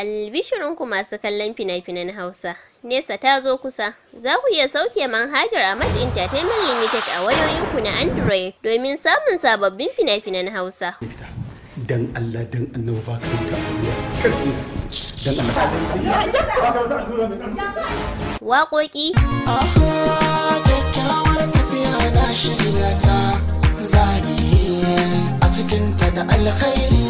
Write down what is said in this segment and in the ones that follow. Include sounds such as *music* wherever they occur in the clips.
Albishirinku masu kallon fina-finan Hausa, Nesa ta zo kusa, za ku iya sauke manhajar a Amat Entertainment Limited a wayoyinku na Android domin samun sababbin fina-finan Hausa. Dan Allah dan annabi ba ka ta Waƙoƙi. tafiya na shirya ta cikinta da alkhairi.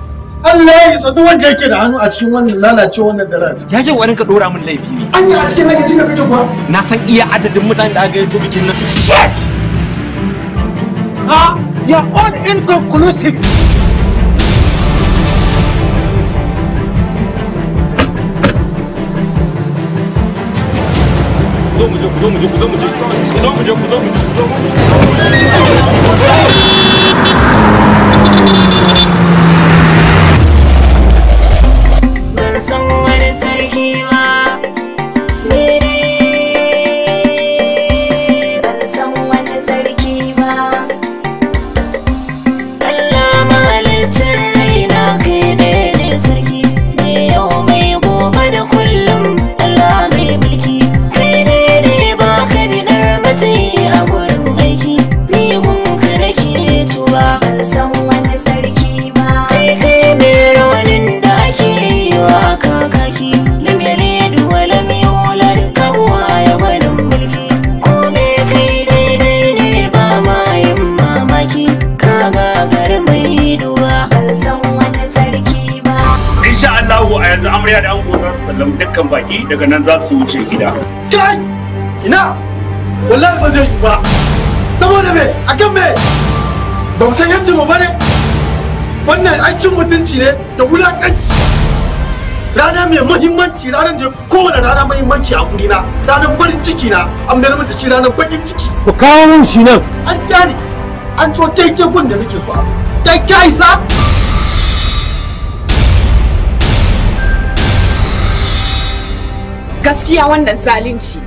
Allah ya isa duk wanda yake da hannu a cikin wannan lalacewa wannan daren. Ya je warin ka dora min laifi ne. Anya a cikin hayyacin da kake kuwa. Na san iya adadin mutanen da aka yi bikin nan. Shit! Ah, ya are all inconclusive. Zo mu je, zo mu je, zo mu je, zo mu je, zo mu je, zo mu je. daga nan za su wuce gida kai ina wallahi ba zai yi ba saboda me akan me ba mu san yancin mu bane wannan an cin mutunci ne da wulakanci rana mai muhimmanci ranar da kowane rana muhimmanci a gurina ranar farin ciki na an mayar mata shi ranar bakin ciki ku kawo mun shi nan an kyani an so taike gun da nake so a zo kai kai sa. jiya wannan zalunci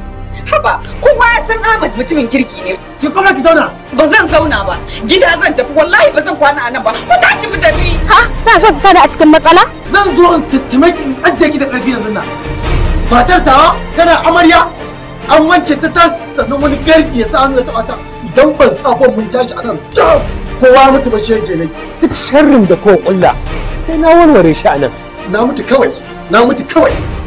haba kowa ya san Ahmad mutumin kirki ne ki kuma ki zauna ba zan zauna ba gida zan tafi wallahi ba zan kwana a nan ba ku tashi mu tafi ha ta so ta sani a cikin matsala zan zo in tattime ki in ajiye ki da karfi yanzu nan matar tawa kana amarya an wanke ta tas sannan wani garki ya sa hannu ya taɓa ta idan ban sa ko mun tashi a nan kowa mutu ba shege ne duk sharrin da kowa kulla sai na warware shi a nan na mutu kawai na mutu kawai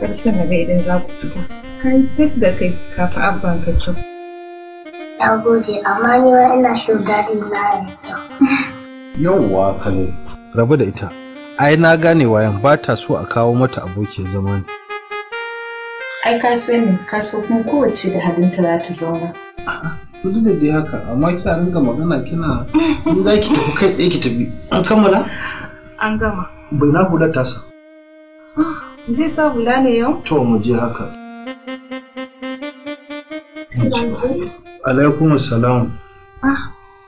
Bar na ga idan za ku fita. Ka yi fes da kai kafin abban ka kyau. Na amma ni wa ina so dadi na yi kyau. wa Kano, rabu da ita. Ai na gane wayan ba ta so a kawo mata abokin zaman. Ai ka sani, ka so kuma kowace da halinta za ta zauna. Kudu da dai haka amma kina ringa magana kina in za ki tafi kai tsaye ki tafi an kammala an gama bai na hular tasa ah. Zai sa hula ne yau? To mu je haka. Alaikum salam. Ah,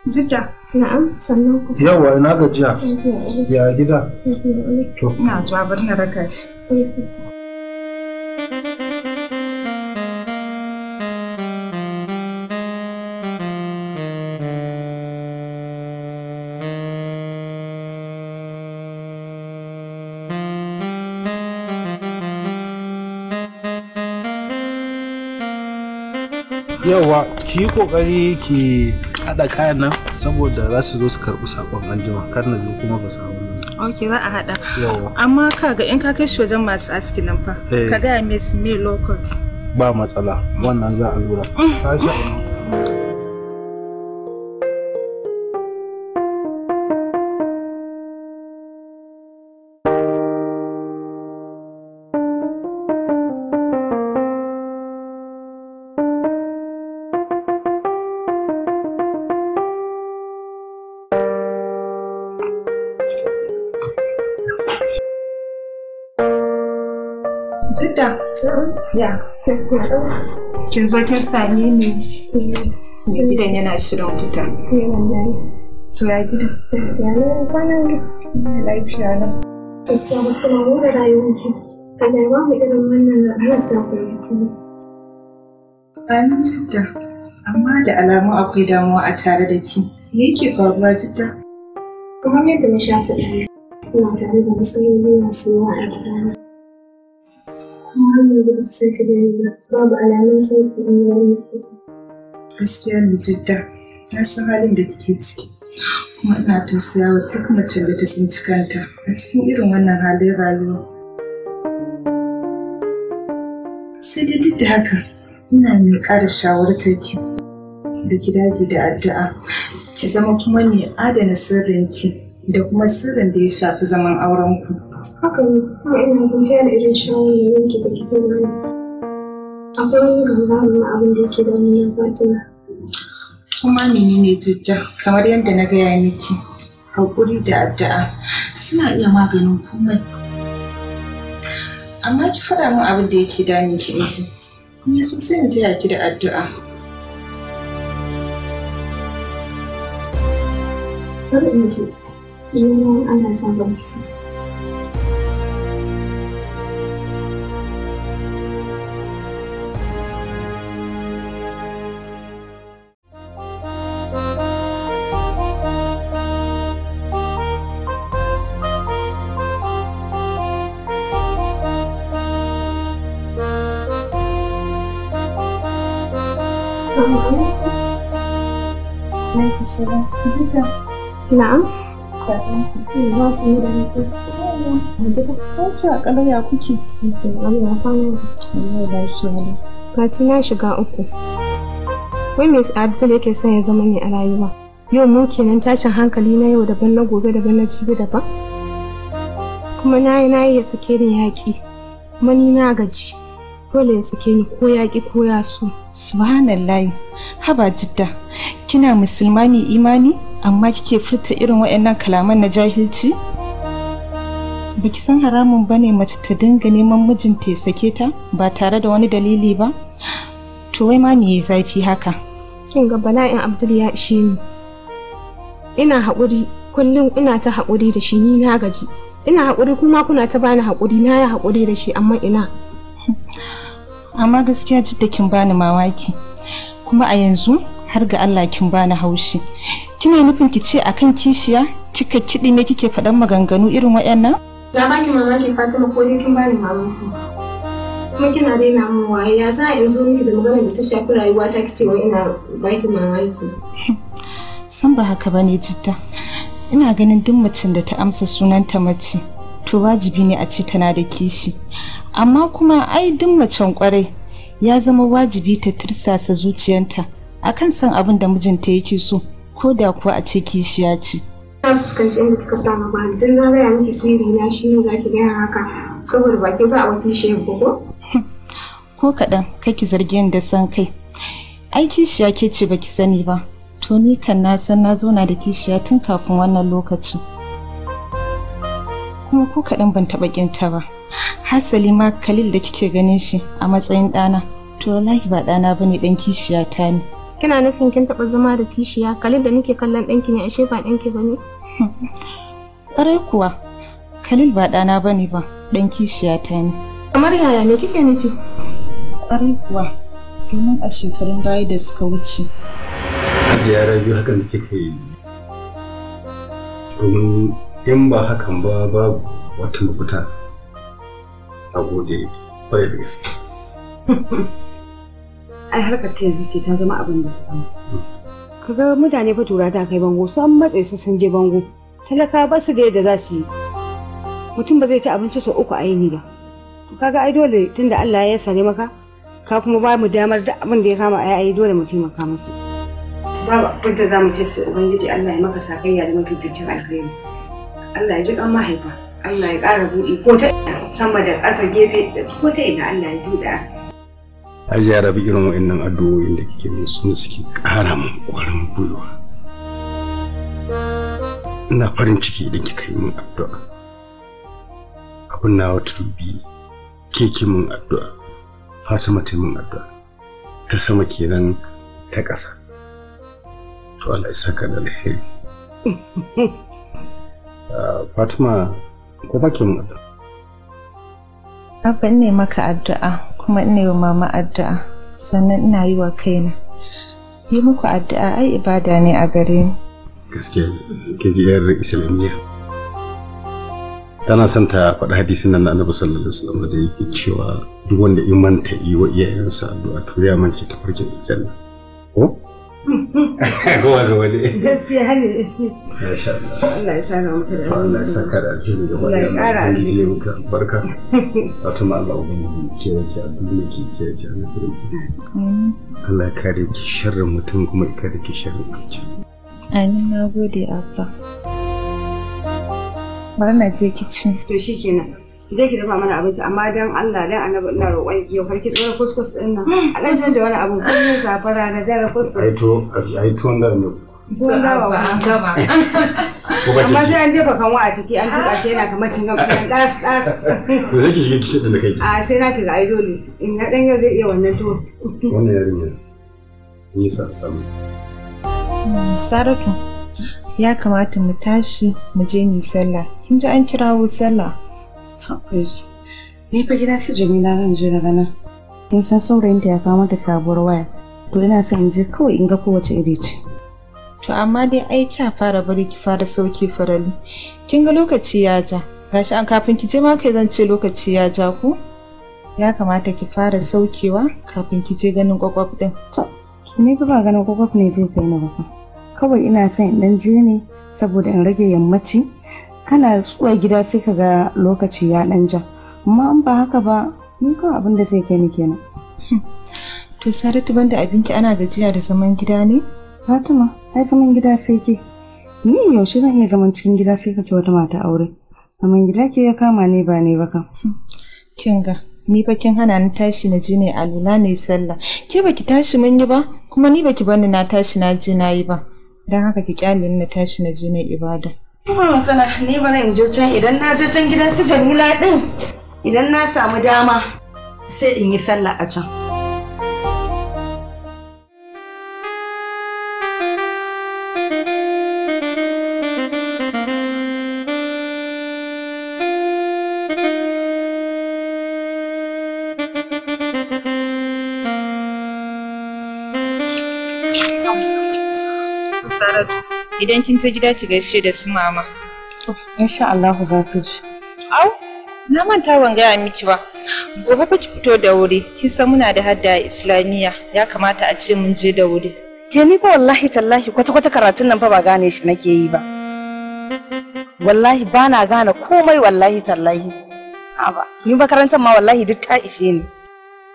Jidda. Na'am, sannan ku. Yawa ina gajiya. Ya gida. To. Ina zuwa na raka shi. yi kokari ki hada kayan nan saboda za su zo su karɓi sakon anjima kar na zo kuma ba samu ok za a hada amma ka ga in ka kai shi wajen masu aski nan fa ka eh. ga miss su me low ba matsala wannan za a lura mm. sashi Ya. Kin zo kin same ni. Mm-hmm. gidan yana shirin fita. To ya gida. Ya kwana ne. Lafiya na. Gaskiya ba kuma mu da rayuwarki. Kada ba mu irin wannan labarin ta kuma. Amin jidda. Amma da alamu akwai damuwa a tare da ki. Me yake faruwa jidda? Kamar yadda na sha kuɗi. Ina tare da matsaloli masu yawa a gidana. kuma har yanzu ba babu alamun gaskiya ne jidda na san halin da kike ciki kuma ina tausaya wa duk macen da ta tsinci kanta a cikin irin wannan halin rayuwa sai dai duk da haka ina mai ƙara shawartar ki da ki dage da addu'a ki zama kuma mai adana sirrinki da kuma sirrin da ya shafi zaman aurenku. haka ne kuma ina godiya da irin shawarar da yanke da kike bani akwai wani gangamin na abin da yake da na fatima kuma menene jijja kamar yadda na gaya miki haƙuri da addu'a suna iya maganin komai amma ki faɗa min abin da yake damun ki in ji kuma sosai na taya ki da addu'a Kar in ji, iya ana sa barci. أنك سعدت جدا نعم Fati na shiga uku. Wai mai sa'adatu yake son ya zama mai a rayuwa. Yau mun kenan tashin hankali na yau daban na gobe daban na jibi daban. Kuma na yi na yi ya sake ni yaƙi. Kuma ni na gaji. Dole ya sake ni ko yaƙi ko ya so. Subhanallah. Haba jidda. kina musulma imani amma kike furta irin waɗannan kalaman na jahilci ki san haramun bane mace ta dinga neman mijinta ya sake ta ba tare da wani dalili ba to wai ma me zafi haka kin ga bala'in abdul ya ishe ni ina haƙuri kullum ina ta haƙuri da shi ni na gaji ina haƙuri kuma kuna ta bani haƙuri na ya haƙuri da shi amma ina *laughs* amma gaskiya jidda kin bani mamaki kuma a yanzu har ga Allah kin bani haushi kina nufin ki ce akan kishiya kika kiɗi ne kike faɗan maganganu irin waɗannan ga baki mamaki Fatima ko dai kin bani mamaki kuma kina daina mun waye ya sa yanzu miki da magana da ta shafi rayuwa ta kice wai ina baki mamaki *laughs* san ba haka bane jidda ina ganin duk macin da ta amsa sunanta mace to wajibi ne a ce tana da kishi amma kuma ai duk macen kwarai ya zama wajibi ta tursasa zuciyanta akan san abin da mijinta yake so ko da kuwa a ce kishiya ce. Na fuskanci inda kika samu ba don na gaya miki sirri na shi ne za ki gaya haka saboda baki za a wafi shi ya Ko kaɗan kake zargin da san kai. Ai kishiya ke ce baki sani ba. To ni kan na san na zauna da kishiya tun kafin wannan lokaci. Kuma ko kaɗan ban taɓa ƙinta ba. hasali ma kalil da kike ganin shi a matsayin ɗana to wallahi ba ɗana bane ɗan kishiya ta ne kina nufin kin taɓa zama da kishiya kalil da nake kallon ɗanki ne ashe ba ɗanki ba ne *laughs* ƙarai kuwa kalil ba ɗana bane ba ɗan kishiya ta ne kamar yaya me kike nufi ƙwarai kuwa domin a shekarun baya da suka wuce yara biyu hakan kike yi domin in ba hakan ba babu wata lokuta a gode kwarai da gaske ai harkar ta yanzu ce ta zama abin da ta hmm. ka ga mutane fa tura ta kai bango su an matse su sun je bango talaka ba su da yadda za su yi mutum ba zai ci abinci sau uku a yini ba kaga ai dole tunda Allah ya sare maka ka kuma ba mu damar da abin da ya kama ai ai dole mu taimaka musu babu abin da za mu ce su ubangiji Allah ya maka sakayya da mafificin alheri Allah ya ji kan mahaifa Allah ya ƙara buɗe ko ta sama da ƙasa gefe ko ta ina Allah ya buɗe. Hajiya rabi irin wa'annan addu'o'in da kike min su suke ƙara min ƙwarin gwiwa. Ina farin ciki idan kika yi min addu'a. Abin na wata dubi ke ki min addu'a. Fatima ta min addu'a. Ta sama kenan ta ƙasa. To Allah ya saka da alheri. *laughs* Ah, Fatima ko ba ke addu'a abba ne maka addu'a kuma ne wa mama addu'a sannan ina yi wa kaina yi muku addu'a ai ibada ne a gare ni gaskiya ke ji yar islamiyya tana son ta faɗi hadisin nan na annabi sallallahu alaihi wasallam da yake cewa duk wanda imanta yi wa iyayensa addu'a to ya mance ta farkin aljanna ko Kowa *laughs* ga wani. Gaskiya ne. Masha Allah. Allah ya saka maka da Allah ya saka da alheri da wani Allah ya alheri maka barka. Wato ma Allah ubangiji ke yake a duniya ke ke yake a nan. Allah ya kare ki sharrin mutum kuma ya kare ki sharrin aljan. Amin na gode Abba. Bari na je kicin. To shikenan. zai ki dafa mana abinci amma dan Allah dan annabi ina roƙon ki yau har tsara kuskus din nan a dan da wani abu kullun safara da dare kuskus ai to ai to da ne ko dawa amma sai an jefa kanwa a ciki an tuka shi yana kamar cin kuɗin ɗas ɗas to zai ki shiga kishin da kai a sai na shiga idoli dole in na dan yau zai iya wannan to wannan yarinya ni sa samu Saratu ya kamata mu tashi mu je mu sallah kin ji an kirawo sallah Sakwaji. Ni fa gida su Jamila zan je daga nan. In san saurayinta ya kawo mata sabuwar waya. To ina son in je kawai in ga kowace iri ce. To amma dai ai kya fara bari ki fara sauki farali. Kin ga lokaci ya ja. Gashi an kafin ki je ma kai zan ce lokaci ya ja ku. Ya kamata ki fara saukewa kafin ki je ganin kwakwaf din. To, ki ne ba ganin kwakwaf ne zai kai ni ba. Kawai ina son in dan je ne saboda in rage yammaci kana zuwa gida sai ka ga lokaci ya ɗan ja amma in ba haka ba ni kawai abin da zai kai ni kenan to saratu banda abinki ana gajiya da zaman gida ne fatima ai zaman gida sai ke ni yaushe zan iya zaman cikin gida sai ka ce wata mata aure zaman gida ke ya kama ne ba ne ba kin ga ni fa kin hana ni tashi na je ne alula ne sallah ke baki tashi mun yi ba kuma ni baki bani na tashi na je na yi ba dan haka ki kyale ni na tashi na je na ibada Ba hmm, matsala, ni bari in je can idan na je can gidan su Jamila din idan na samu dama sai in yi sallah a can. idan kin je gida ki gaishe da su mama. Insha Allah za su ji. Au, na manta ban gaya miki ba. Gobe fa ki fito da wuri, kin san muna da hadda Islamiyya, ya kamata a ce mun je da wuri. Ke ni fa wallahi tallahi kwata-kwata karatun nan fa ba gane shi nake yi ba. Wallahi ba na gane komai wallahi tallahi. ni makarantar ma wallahi duk ta ishe ni.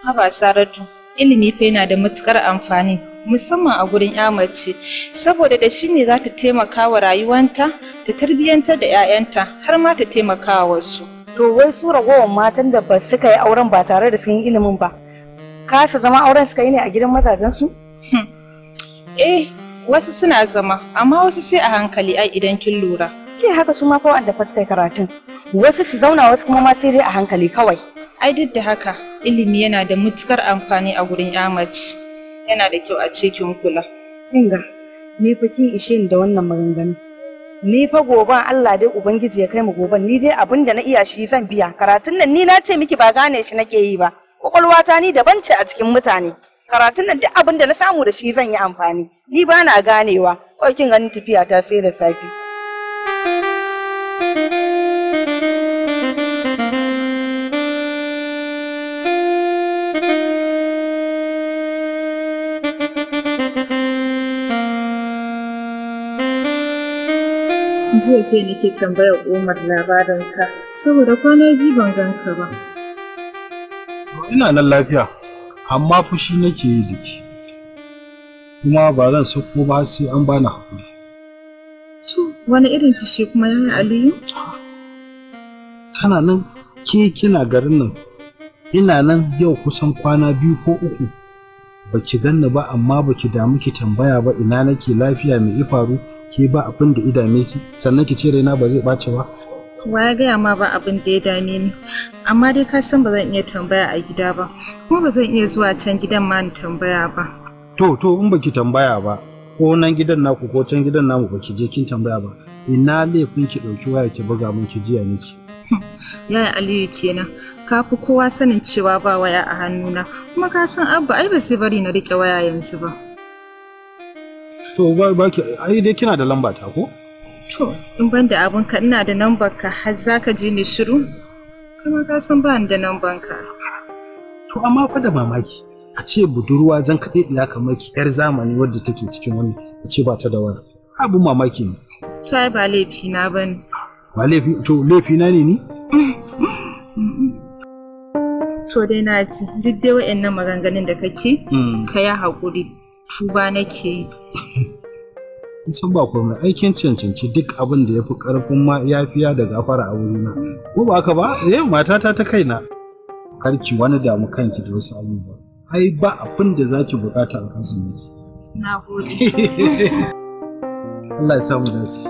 Haba Saratu, ilimi fa yana da matukar amfani. musamman a gurin mace saboda da shi ne za ta taimaka wa rayuwanta ta tarbiyyantar da 'ya'yanta har ma ta taimaka wasu to wai su ragowar matan da ba suka yi auren ba tare da sun yi ilimin ba kasa zama auren suka yi ne a gidan mazajensu hmm. eh wasu suna zama amma wasu sai a hankali ai idan kin lura ke haka su ma wanda fa karatun wasu su zauna wasu kuma ma sai dai a hankali kawai ai duk da haka ilimi yana da matukar amfani a gurin yamace yana da kyau a ce kula kin ni fa kin ishe ni da wannan maganganu ni fa gobe Allah dai ubangiji ya kai mu gobe. ni dai abin da na iya shi zan biya karatun nan ni na ce miki ba gane shi nake yi ba ta ni daban ce a cikin mutane karatun nan duk abin da na samu da shi zan yi amfani ni ba na ganewa kawai kin ganin tafiya ta sai da safi jiya ce nake tambayar Umar labarin ka saboda kwana biyu ban gan ka ba. Ina nan lafiya, amma fushi nake yi da ke. Kuma ba zan ko ba sai an bani hakuri. To, wani irin fushi kuma ya yi Aliyu? Tana nan ke kina garin nan. Ina nan yau kusan kwana biyu ko uku. Baki ganni ba amma baki damu ki tambaya ba ina nake lafiya mai ifaru faru ke ba abin da idame ki sannan ki ce raina ba zai ɓace ba wa ya gaya ma ba abin da ya dame ni amma dai ka san ba zan iya tambaya a gida ba kuma ba zan iya zuwa can gidan ma ni tambaya ba to to in baki tambaya ba ko nan gidan naku ko can gidan namu baki je kin tambaya ba ina laifin ki ɗauki waya ki buga mun ki jiya miki *laughs* yaya aliyu kenan ka fi kowa sanin cewa ba waya a hannuna kuma ka san abba ai ba sai bari na riƙe waya yanzu ba To ba ki ai dai kina da lamba ta ko? To in ban da abun ka ina da lambar ka har za ka ji ni shiru? Kuma ka san ba ni da lambar ka. To amma fa da mamaki a ce budurwa zan kaɗe ɗiya kamar ki yar zamani wadda take cikin wani a ce ba ta da wani. abin mamaki ne. To ai ba laifi na ba ne. Ba laifi to laifi na ne ni? To dai na ji duk dai wa'annan maganganun da kake mm. ka yi haƙuri. tuba nake yi *laughs* in san ba komai aikin cancanci duk abin da ya fi karfin ma yafiya da gafara a wurina ko ba haka ba eh matata ta kaina karki wani damu kanki da wasu abubuwa ai ba abin da zaki bukata a kansu ne na gode *laughs* Allah ya sa mu dace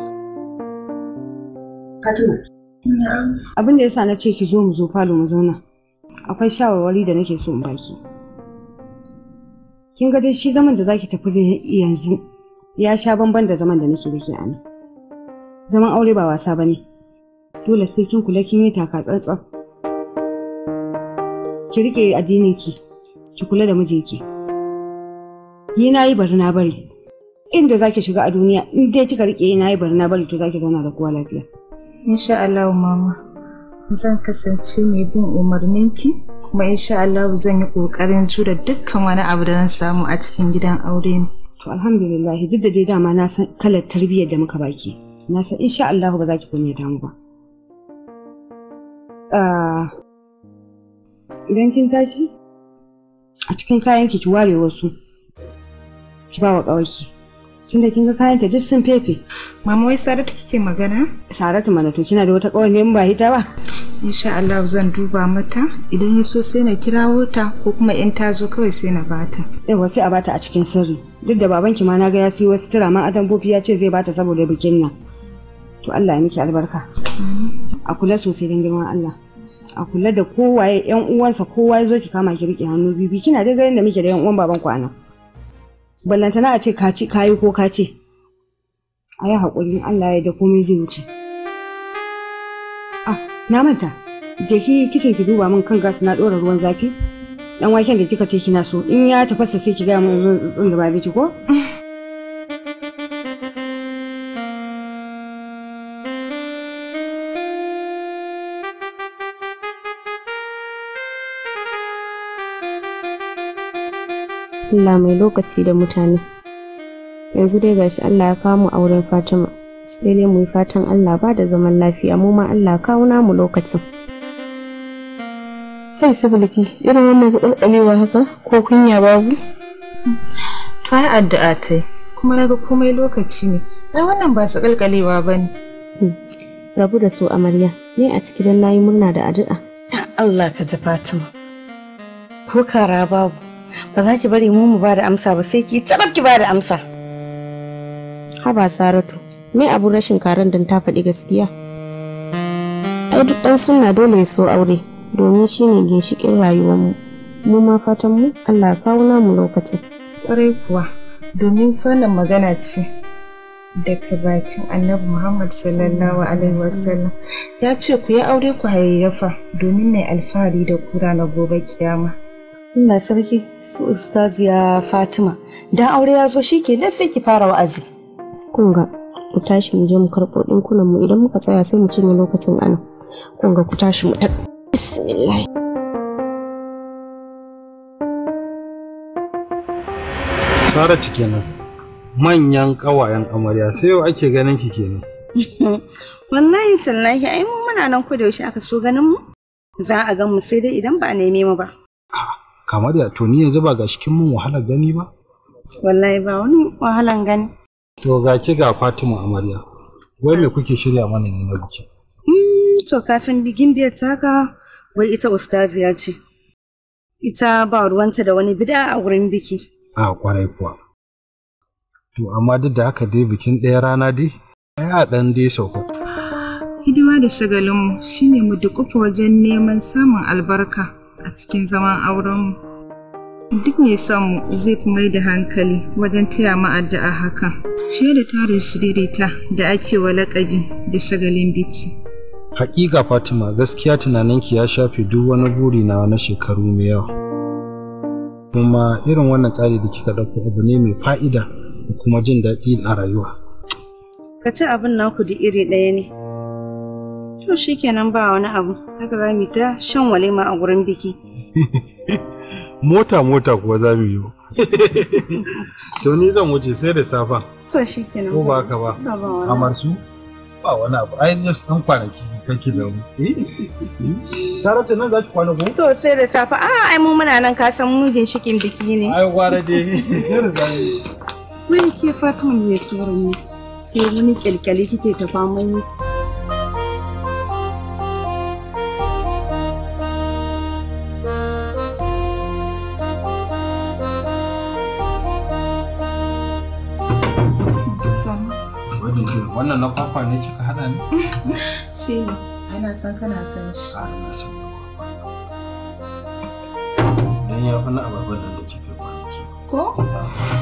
abin da yasa na ce ki zo mu zo falo mu zauna akwai shawarwari da nake so in baki kin ga dai shi zaman da zaki tafi yanzu ya sha bamban da zaman da nake da ke ana zaman aure ba wasa bane dole sai kin kula kin yi taka tsantsan ki rike addinin ki ki kula da mijinki yi na yi bari na bari inda zaki shiga a duniya in dai kika rike yi na yi bari na bari to zaki zauna da kowa lafiya insha Allah mama zan kasance mai bin umarninki kuma insha Allah zan yi kokarin jure dukkan wani abu da na samu a cikin gidan aure to alhamdulillah duk da dai dama na san kalar tarbiyyar da muka baki na san insha Allah ba za ki kunya damu ba ah, idan kin tashi a cikin kayan ki ki ware wasu ki ba wa kawai tunda kin ga kayan ta duk sun fefe mama wai saratu kike magana saratu mana to kina da wata kawai ne ba hita ba insha Allah zan duba mata idan ya so sai na kirawo ta ko kuma in ta zo kawai sai na bata yawa sai a bata a cikin sirri duk da babanki ma na ga ya siyo wasu ma adan bofi ya ce zai bata saboda bikin nan to Allah ya miki albarka a kula sosai don girman Allah a kula da kowaye yan uwansa kowa ya zo ki kama ki rike hannu bibi kina dai ga yadda muke da yan uwan baban ku anan ballantana a ce kaci kayi ko kace a yi haƙuri allah ya da komai zai wuce ah na manta je ki kicin ki duba min kan gas na ɗora ruwan zafi dan waken da kika ce kina so in ya tafasa sai ki ga mun zan da miki ko Allah mai lokaci da mutane yanzu dai gashi Allah ya kawo mu auren Fatima sai dai mu yi fatan Allah ba da zaman lafiya mu ma Allah kawo namu lokacin kai sabulki irin wannan zakalkalewa haka ko kunya babu to ai addu'a ta kuma naga komai lokaci ne ai wannan ba ba bane rabu da su amarya ne a cikin nayi murna da addu'a Allah ka ji Fatima ko kara babu ba za ki bari mu mu ba da amsa ba sai ki tarab ki ba da amsa haba saratu me abu rashin karen don ta faɗi gaskiya ai duk ɗan suna dole ya so aure domin shine ginshiƙin rayuwarmu mu ma fatan mu Allah kawo namu lokaci. ƙwarai kuwa domin fannin magana ce daga bakin annabi Muhammad sallallahu alaihi wasallam ya ce ku yi aure ku hayayyafa domin na alfahari da kura na gobe kiyama Allah sarki su ustaziya Fatima dan aure ya zo shi ke nan sai ki fara wa'azi. Kun ga ku tashi mu je mu karɓo ɗinkunan mu idan muka tsaya sai mu cinye lokacin ana. Kun ga ku tashi mu ta bismillah. Saratu kenan manyan ƙawayen amarya sai yau ake ganin ki kenan. *laughs* Wallahi tallahi ai mu muna nan ko da yaushe aka so ganin mu za a gan mu sai dai idan ba a neme mu ba. kamar ya to ni yanzu ba ga shi kin mun wahalar gani ba wallahi ba wani wahalan gani to ga ki ga Fatima amarya wai me kuke shirya mana ne na biki hmm, to ka san bigin biyar taka wai ita ustaziya ce ita ba ruwanta da wani bid'a a wurin biki a kwarai kuwa to amma duk da haka dai bikin ɗaya rana dai a dan dai sauko hidima da shagalinmu shine mu duƙufa wajen neman samun albarka a cikin zaman aurenmu duk mai son mu zai fi mai da hankali wajen taya ma'adda a hakan fiye da tarin daidaita da ake wa lakabi da shagalin biki Hakika Fatima gaskiya tunaninki ya shafe duk wani buri na na shekaru mai yawa kuma irin wannan tsari da kika ɗauko abu ne mai fa'ida da kuma jin daɗi a rayuwa ka ci abin naku da iri ɗaya ne To shi kenan ba wani abu, haka za mu ta shan walima a gurin biki. *laughs* Mota mota kuwa za mu yi. *laughs* To ni zan wuce sai da safa. To shi kenan. Ko ba haka ba. Amar su ba wani abu. Ai just ɗan kwanaki kake da mu. Tare eh? *laughs* da nan za ki kwana ko? To sai da safa. A ah, ai mu muna nan ka san mu ginshikin biki ne. Ai gwara dai. Sai da zai. Wai ke Fatima ne ya tsoro ne. Sai wani kyalkyali kike ta faman yi. Wannan na kwakwa ne kika hada ne? *laughs* Shi ne, ana san kana san shi. Ah, A san kwakwa. Dan ya fi na da kike Ko? Ah.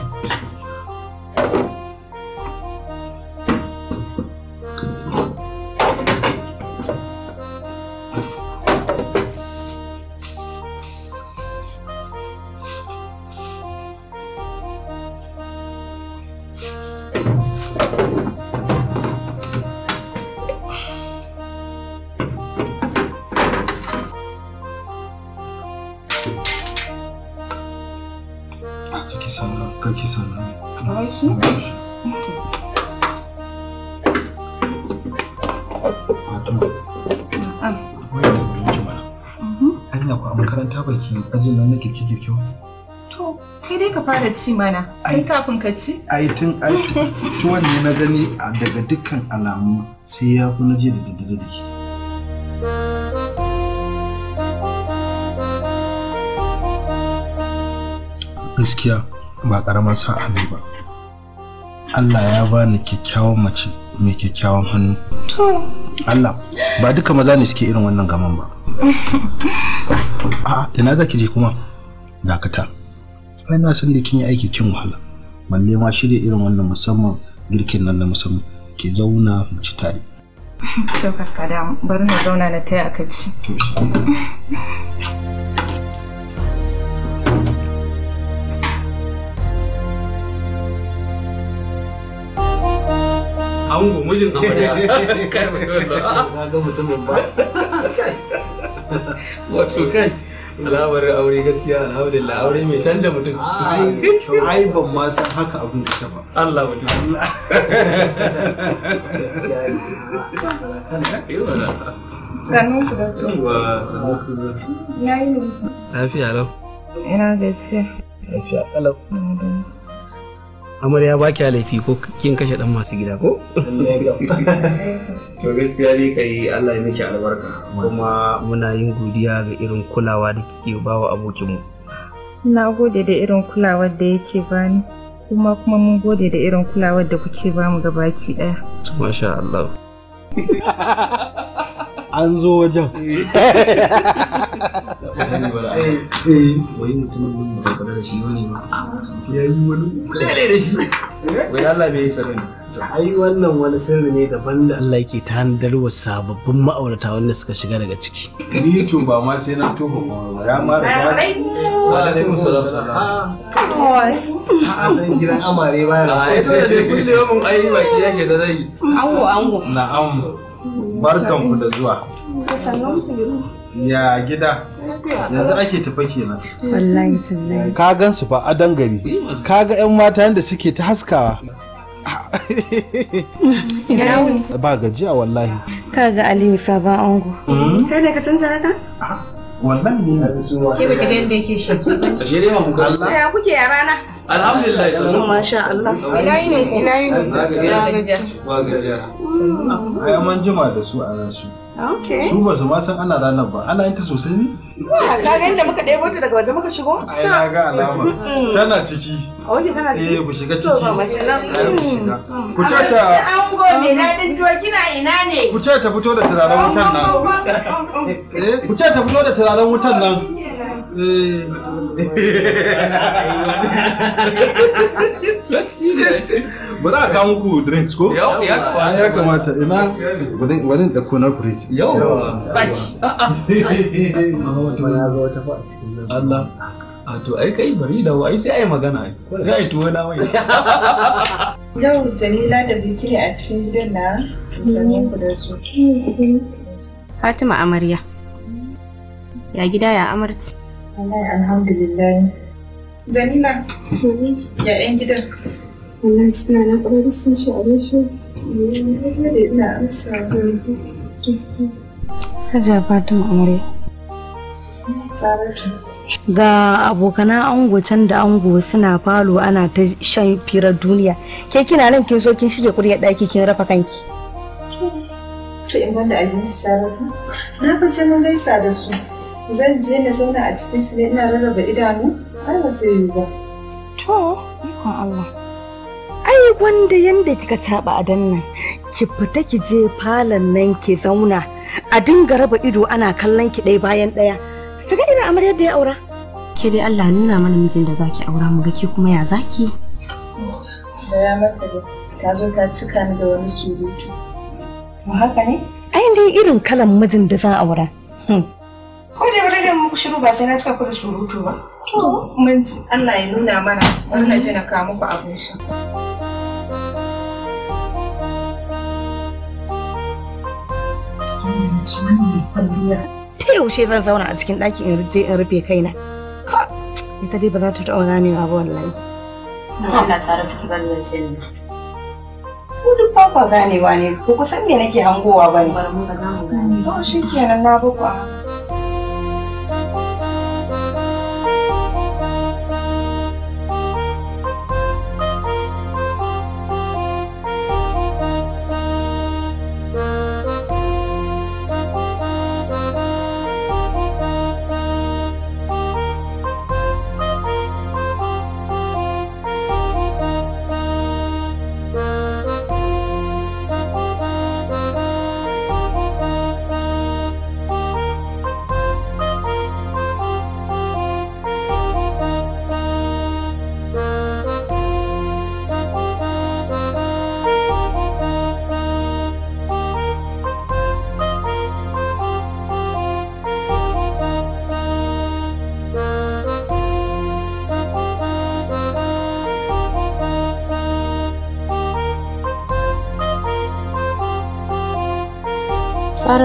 da kyau. To, kai dai ka fara ci mana, kai kafin ka ci. Ai tun ai tuwon ne na gani daga dukkan alamu sai ya fi na je da daddare da ke. gaskiya ba ƙaramar sa'a ne ba Allah ya bani kyakkyawan mace mai kyakkyawan hannu Allah ba duka maza ne suke irin wannan gaman ba *laughs* a'a ina za ki je kuma dakata ai na san da kin yi aiki kin wahala balle ma shirya irin wannan musamman girkin nan na musamman ki zauna mu ci tare *laughs* to karka da bari na zauna na taya ka ci ango mijin amarya *laughs* kai ba kai ba ga mutumin ba wato kai alhamdulillah aure gaskiya alhamdulillah aure mai canja mutum ai ban ma san haka abin da ta ba Allah mutum Allah sannan ku da su sannan ku da su yayi ne lafiya lau ina gajiya lafiya kalau amarya ba kya laifi ko kin kashe dan masu gida ko to gaskiya ne kai Allah ya miki albarka kuma muna yin godiya ga irin kulawa da kike bawa abokin mu na gode da irin kulawar da yake bani kuma kuma mun gode da irin kulawar da kuke bamu gabaki daya masha Allah *laughs* an zo wajen ai wannan wani sirri ne daban da Allah yake tanadar wa sababbin ma'aurata wanda suka shiga daga ciki ni to ba ma sai na tofa kuma ya ma da ba wa alaikum salam a san gidan amare ba ya ai dole kullum ai baki yake da ango na'am barkan ku da zuwa ya gida yanzu ake tafa kenan wallahi tallahi ka gan su fa adan gari ka ga yan mata yanda suke ta haskawa ba gajiya wallahi ka ga aliyu sabon ango hmm? kai ne ka canza haka ah. Wannan ne na da yake shi ashe dai mamu kai Allah ya kuke rana alhamdulillah sai masha Allah ina yi ne ina yi ne gajiya jima da su a nan su okay su su ma san ana ranar ba ana yin ta sosai ne Ka ga inda muka ɗebo ta daga waje muka shigo? Ai na ga alama. Mm. Tana ciki. Oke tana ciki. Eh ku shiga ciki. To ba masala. Mm. Mm. Ku ce ta An go me na din to kina ina ne? Ku ce ta fito da turaren wutan nan. Eh ku ce ta fito da turaren wutan nan. Eh. Bari a kawo muku drinks ko? Yau ya kamata. Ah, ya kamata ina bari da kunar fridge. Yau. Baki. *laughs* wata ya zo wata fa a cikin nan Allah a to ai kai bari da ai sai ai magana sai ai tuwo na mai *laughs* yau Jamila da Bikiri a cikin gidan na sanin ku da su Fatima amarya ya gida ya amarci wallahi alhamdulillah Jamila ya ƴan gidan wallahi suna na ƙarfi sun shi a rufe Hajiya Fatima amarya ga abokanan ango can da ango suna falo ana ta shan firar duniya ke kina nan kin so kin shige kuryar daki kin rafa kanki to in wanda abinci sarrafa na fice mun gaisa da su zan je na zauna a cikin su ina rarraba idanu har ba su yi ba to ikon Allah ai wanda yanda kika taba a danna, ki fita ki je falon nan ki zauna a dinga raba ido ana kallon ki ɗaya bayan ɗaya su ga irin amaryar da ya aura ke dai Allah nuna mana mijin da zaki aura mu ga ke kuma ya zaki da ya maka da ta zo ta cika ni da wani surutu mu haka ne ai dai irin kalan mijin da za a aura hmm. ko da bare da muku shiru ba sai na cika ku da surutu ba to mun Allah ya nuna mana wannan jina ka muku abin shi. wannan kwalliyar ta yaushe zan zauna a cikin ɗaki in rufe in rufe kaina ka ita dai ba za ta taɓa ganewa ba wallahi Allah tsara ta kibar ku duk ba kwa ganewa ne ku kusan me nake hangowa ba ne to shi kenan na bakwa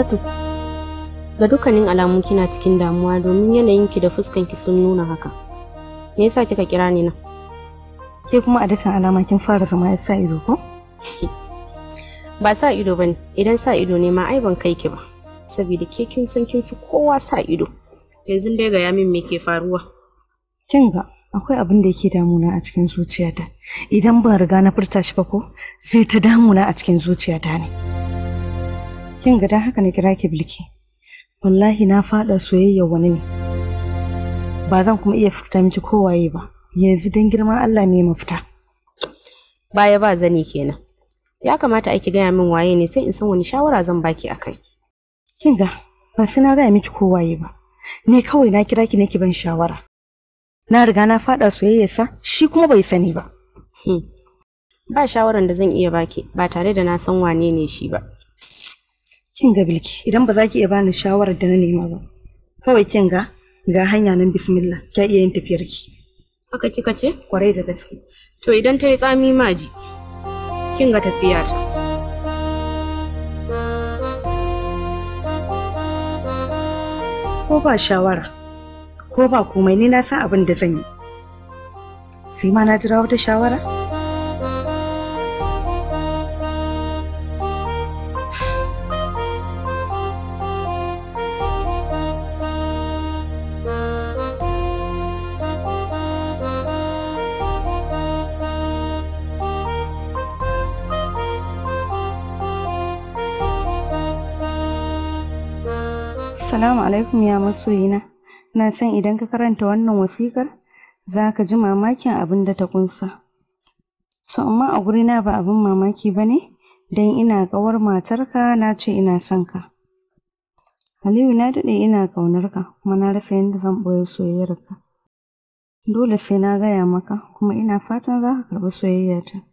Saratu, ga dukkanin alamu kina cikin damuwa domin yanayin ki da fuskan ki sun nuna haka. Me yasa kika kira ni nan? Ke kuma a dukkan alama kin fara zama ya sa ido ko? *laughs* Ba sa ido bane, idan sa ido ne ma ai ban kai ki ba. Saboda ke kin san kin fi kowa sa ido. Yanzu dai ga yamin me ke faruwa? Kin ga akwai abin da yake damuna a cikin zuciyata idan ban riga na furta shi ba ko sai ta damuna a cikin zuciyata ne. kin ga dan haka na kira ki bilki wallahi na fada soyayya wani ne ba zan kuma iya fita miki kowaye ba yanzu dan girma Allah ne mafita baya ba zani kenan ya kamata ki gaya min waye ne sai in san wani shawara zan baki akai kin ga ba sai na gaya miki kowaye ba ni kawai na kira ki ki ban shawara na riga na fada sa, shi kuma bai sani ba hmm. ba shawaran da zan iya baki ba tare da na san wane ne shi ba kin ga bilki idan ba za ki iya bani shawarar da na nema ba kawai kin ga ga hanya nan bismillah ta iya yin tafiyar ki haka kika ce kwarai da gaske to idan ta yi tsami maji kin ga tafiya ta ko ba shawara ko ba komai ni na san abin da zan yi sai ma na jira wata shawara Assalamu alaikum ya masoyina. Na san idan ka karanta wannan wasikar za ka ji mamakin abin da ta kunsa. To amma a gurina ba abin mamaki ba ne, don ina ƙawar matarka na ce ina son ka. Aliyu na daɗe ina ƙaunarka, ka kuma na rasa yadda zan ɓoye soyayyarka. Dole sai na gaya maka kuma ina fatan za ka karɓi soyayyata.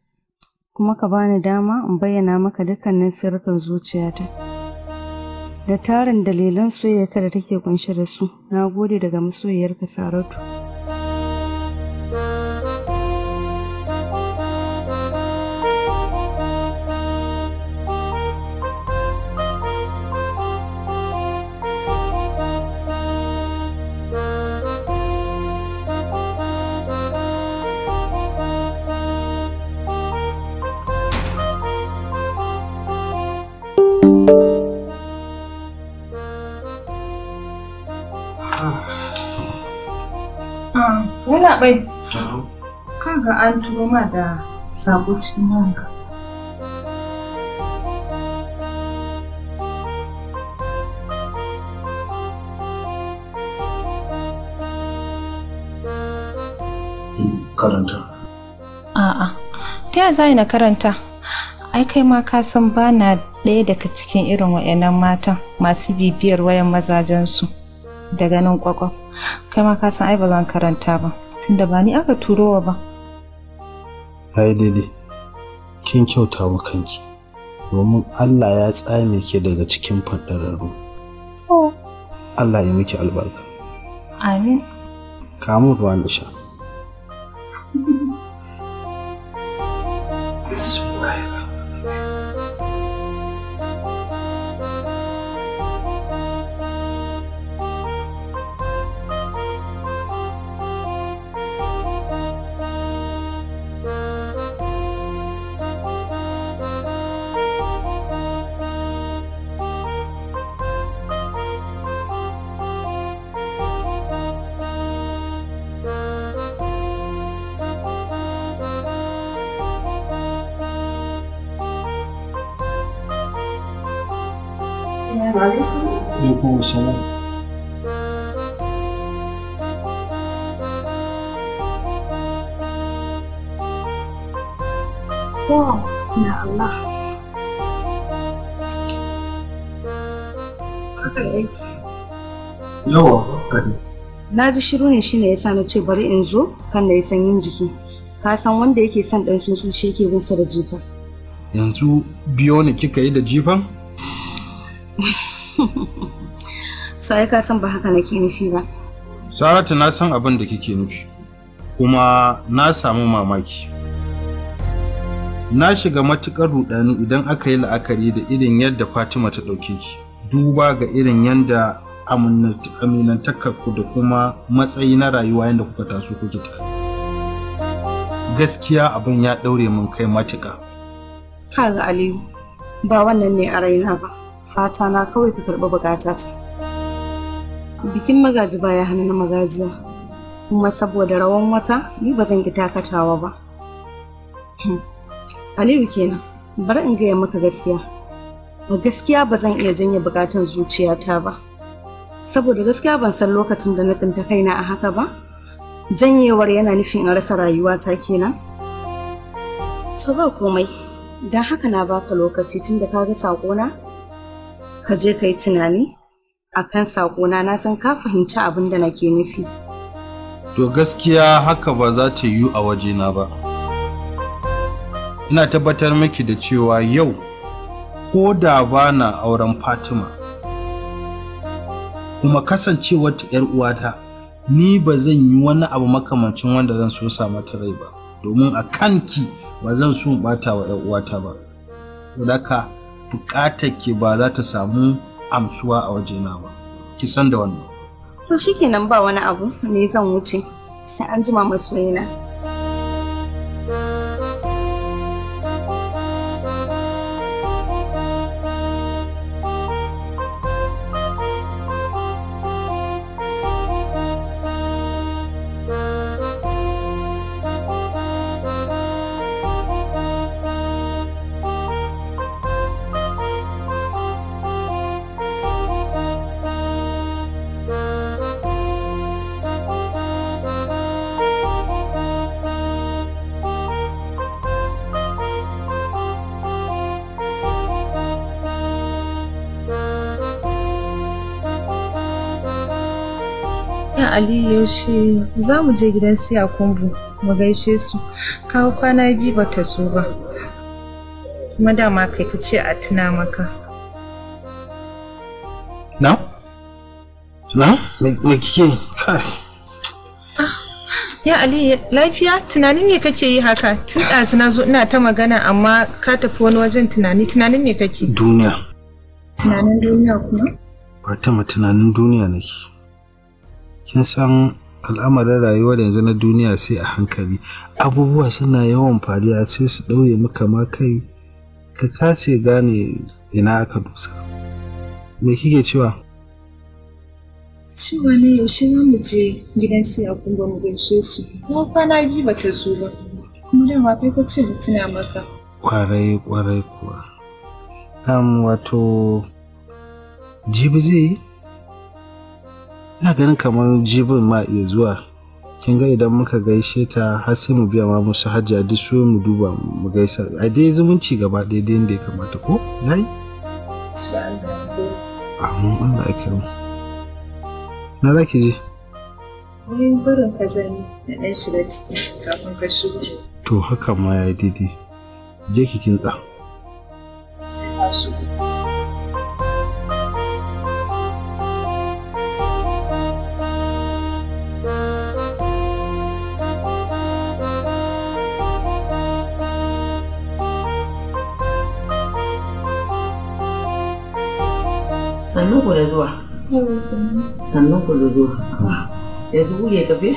Kuma ka bani dama in bayyana maka dukkanin sirrukan zuciyata. da tarin dalilan soyayya da take kunshe da su. Na gode daga masoyiyarka Saratu. bai. Kaga an turo ma da sako cikin wanka. Karanta. A'a, ta yaya za na karanta? Ai kai ma ka san ba na ɗaya daga cikin irin waɗannan matan masu bibiyar wayan mazajensu daga nan kwakwaf. Kai ma ka san ai ba zan karanta ba. Da ba ni aka turowa ba. Ai daidai, kin kyauta wa kanki, domin Allah ya tsame ke daga cikin faɗararru, Oh. Allah ya miki albarka. Amin. Kamu ruwan da sha. *laughs* na ji shiru ne shi ne ya sa na ce bari in zo kan da ya sanyin jiki ka san wanda yake son ɗan tsuntsu shi yake bin da jifa yanzu biyo ne kika yi da jifan *laughs* so ai ka san ba haka nake nufi ba saratu na san abin da kike nufi kuma na samu mamaki na shiga matukar rudani idan aka yi la'akari da irin yadda fatima ta ɗauke ki duba ga irin yadda aminantakarku da kuma matsayi na rayuwa yadda kuka taso kuke tare. Gaskiya abin ya ɗaure min kai matuƙa. Kaga Aliyu, ba wannan ne a raina ba, fata na kawai ka karɓi bukata ta. Bikin magaji ba ya hana na magajiya, kuma saboda rawan wata ni ba zan ki takatawa ba. Hmm. Aliyu kenan, bari in gaya maka gaskiya. Ba gaskiya ba zan iya janye bukatan zuciyata ba. saboda gaskiya ban san lokacin da na tsinta kaina a haka ba janyewar yana nufin in rasa rayuwata kenan to ba komai don haka na baka lokaci tunda ka ga saƙona ka je ka yi tunani akan saƙona na na san ka fahimci abin da nake nufi to gaskiya haka ba za ta yiwu a wajena ba ina tabbatar miki da cewa yau ko da bana auren fatima kuma kasancewar ta ‘yar uwata ni ba zan yi wani abu makamancin wanda zan so sa mata rai ba domin a kanki ba zan so in bata wa ‘yar uwata ba Wadaka bukatar ki ba za ta samu amsuwa a wajena ba ki san da wannan to shikenan ba wani abu ne zan wuce sai an jima masoyina shi za mu je gidan siya kumbu mu gaishe su kawo kwana biyu ba ta zo ba kuma dama kai ka ce a tuna maka na? na? me kike kai ah, ya ali lafiya tunanin me kake yi haka tun ɗazu na zo ina ta magana amma ka tafi wani wajen tunani tunanin me kake duniya tunanin duniya kuma ba ta tunanin duniya nake kin san al'amarin rayuwar yanzu na duniya sai a hankali abubuwa suna yawan fariya sai su ɗauye maka ma kai ka kase gane ina aka dusa me kike cewa cewa ne yaushe za mu je gidan sai a kuma mu gaishe su kuma kwana biyu ba ta zo ba kuma da ba kai ka ce mu tuna maka kwarai kwarai kuwa am wato jibi zai yi ina ganin kamar jibin ma iya zuwa kin ga idan muka gaishe ta har sai mu biya ma musu hajji a duk mu duba mu gaisa a dai zumunci gaba ɗaya da inda ya kamata ko nai amin Allah ya kira na za ki je bayan barin ka zani na ɗan shiga cikin kafin ka shigo to haka ma ya yi daidai je ki kintsa da zuwa. ku da zuwa. Yanzu kuke tafi?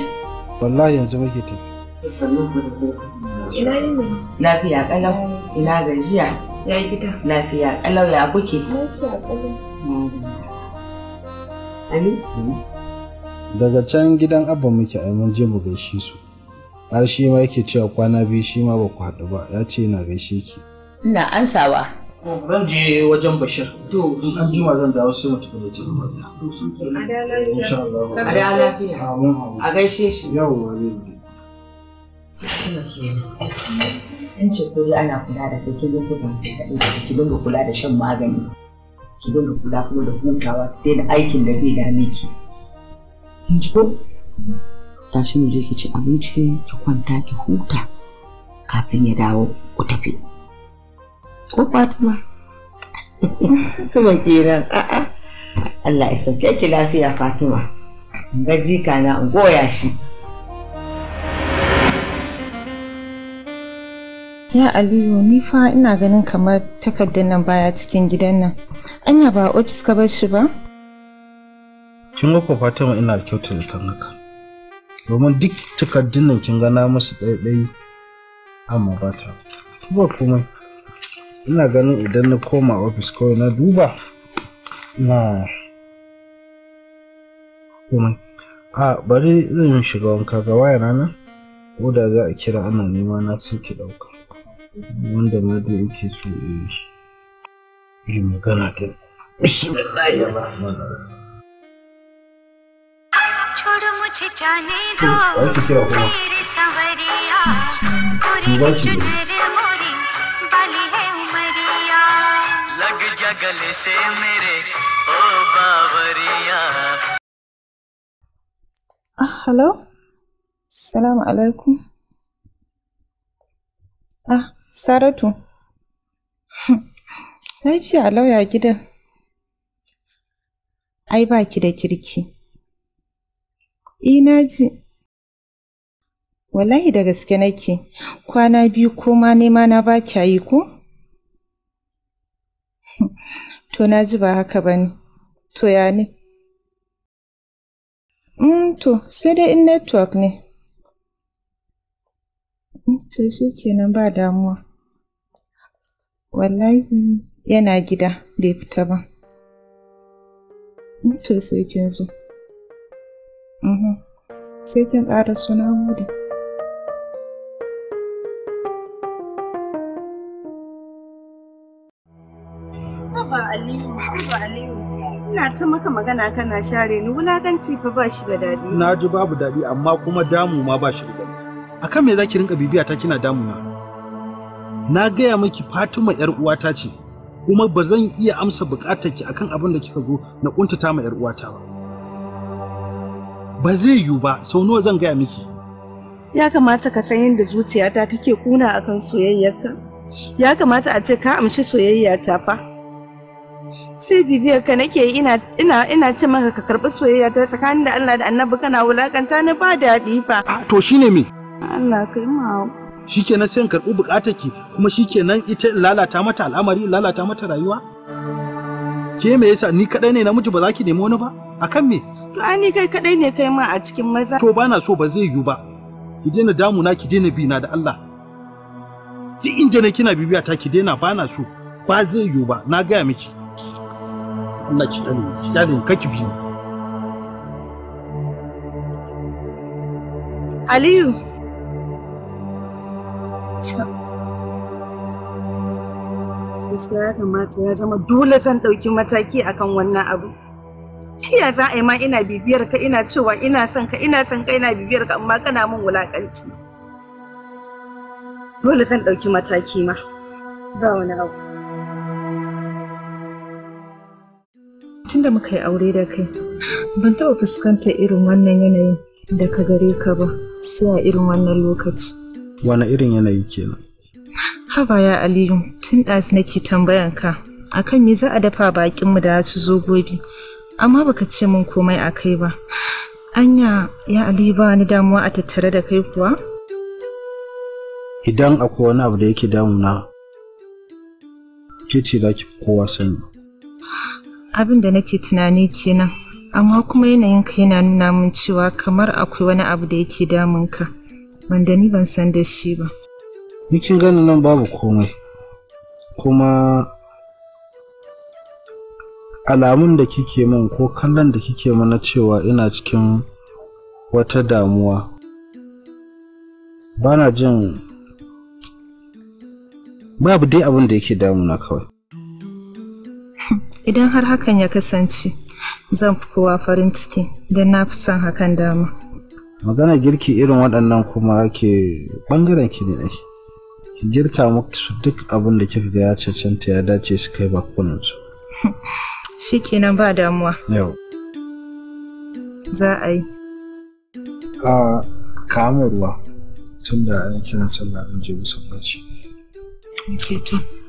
Wallahi yanzu muke tafi. ku da zuwa. Ina ne? Lafiya Ina gajiya. Ya gida. Lafiya ya kuke. Ali? Hmm. Daga can gidan Abba muke ai mun je mu gaishe su. Har shi ma yake cewa kwana biyu shi ma ba ku haɗu ba ya ce na gaishe ki. Ina ansawa. Zan je wajen Bashir. To, in an juma zan dawo sai mutu da ci gaba da. A gaishe shi. Yawwa zai je. In ce ko ana kula da kai kin ko ban kaɗai ki dinga kula da shan magani. Ki dinga kula kuma da hutawa sai da aikin da zai dame ki. Kin ci ko? Tashi mu je ki ci abinci ki kwanta ki huta kafin ya dawo ku tafi. ko fatima kuma kenan *laughs* a'a Allah ya sauke ki lafiya fatima ga jika na goya shi ya aliyu ni fa ina ganin kamar takardar nan baya cikin gidan nan anya ba ofis ka bar shi ba kin ga ko fatima ina kyautar kan haka domin duk takardun nan kin ga na musu ɗaiɗai amma ba ta ba komai ina ganin idan na koma ofis kawai na duba na kuma a bari zan shiga wanka ga waya rana ko da za a kira ana nema na sai ki ɗauka wanda na da yake so yi magana ta bismillahirrahmanirrahim लगा गले से मेरे ओ बावरिया hello ah, ah, lauya *laughs* gidan ai ba ki da kirki ina eh, ji wallahi da gaske nake kwana biyu ko ma nema na ba kya yi ko *laughs* to na ji ba haka ba ne to ya ne mm, to sai dai in network ne mm, to shi kenan ba damuwa wallahi yana gida bai fita ba mm, to sai kin zo mm-hmm. sai kin ƙara suna gode Ina ta maka magana kana share ni wulakanci fa ba shi da daɗi. Na ji babu daɗi amma kuma damu ma ba shi da daɗi. kan me zaki rinka bibiya ta kina damuna? Na gaya miki Fatima yar uwata ce kuma ba zan iya amsa buƙatar ki akan abin da kika zo na ƙuntata ma yar uwata ba. Ba zai yiwu ba, sau nawa zan gaya miki. Ya kamata ka san yadda zuciyata take kuna akan soyayyarka. Ya kamata a ce ka amshi soyayyata fa. sai bibiya ka nake ina ina ina ce maka ka karbi soyayya ta tsakanin da Allah da Annabi kana wulakanta ni ba daɗi fa a ah, to shine me Allah kai ma shikenan sai in karɓi bukatar ki kuma shikenan ita lalata mata al'amari lalata mata rayuwa ke me yasa ni kadai ne namiji ba za ki nemi wani ba akan me to ani kai kadai ne kai ma a cikin maza to bana so ba zai yiwu ba ki daina damuna ki daina bina da Allah duk inda ne kina bibiya ta ki daina bana so ba zai yiwu ba na gaya miki ina kiɗan eh, kiɗan kake bi Aliyu gaskiya ya kamata ya zama dole zan ɗauki mataki akan wannan abu tiya za a yi ma ina bibiyar ka ina cewa ina son ka ina son ka ina bibiyar ka amma kana min wulakanci dole zan ɗauki mataki ma ba wani abu tunda muka yi aure da kai ban taɓa fuskantar irin wannan yanayin da ka gare ka ba sai a irin wannan lokaci wani irin yanayi kenan haba ya aliyu tun ɗazu nake tambayan ka akan me za a dafa bakin mu da su zo gobe amma baka ce min komai a kai ba anya ya aliyu ba ni damuwa a tattare da kai kuwa idan akwai wani abu da yake damuna ke ce za ki kowa sani abin da nake tunani kenan amma kuma yanayin ka yana nuna min cewa kamar akwai wani abu da yake damun ka wanda ni ban san da shi ba kin gani nan babu komai kuma alamun da kike min ko kallon da kike mana cewa ina cikin wata damuwa bana jin babu dai abin da yake damuna kawai Idan har hakan ya kasance, zan fi kowa farin ciki don na fi son hakan dama. Magana girki irin waɗannan kuma ke ɓangaren ki ne Ki girka musu duk abin da kika ga ya cancanta ya dace su kai bakunansu. *laughs* Shi kenan ba damuwa. Yau. Za a yi. A kamarwa ruwa tun da an kiran sallah an je musamman ce. Okay,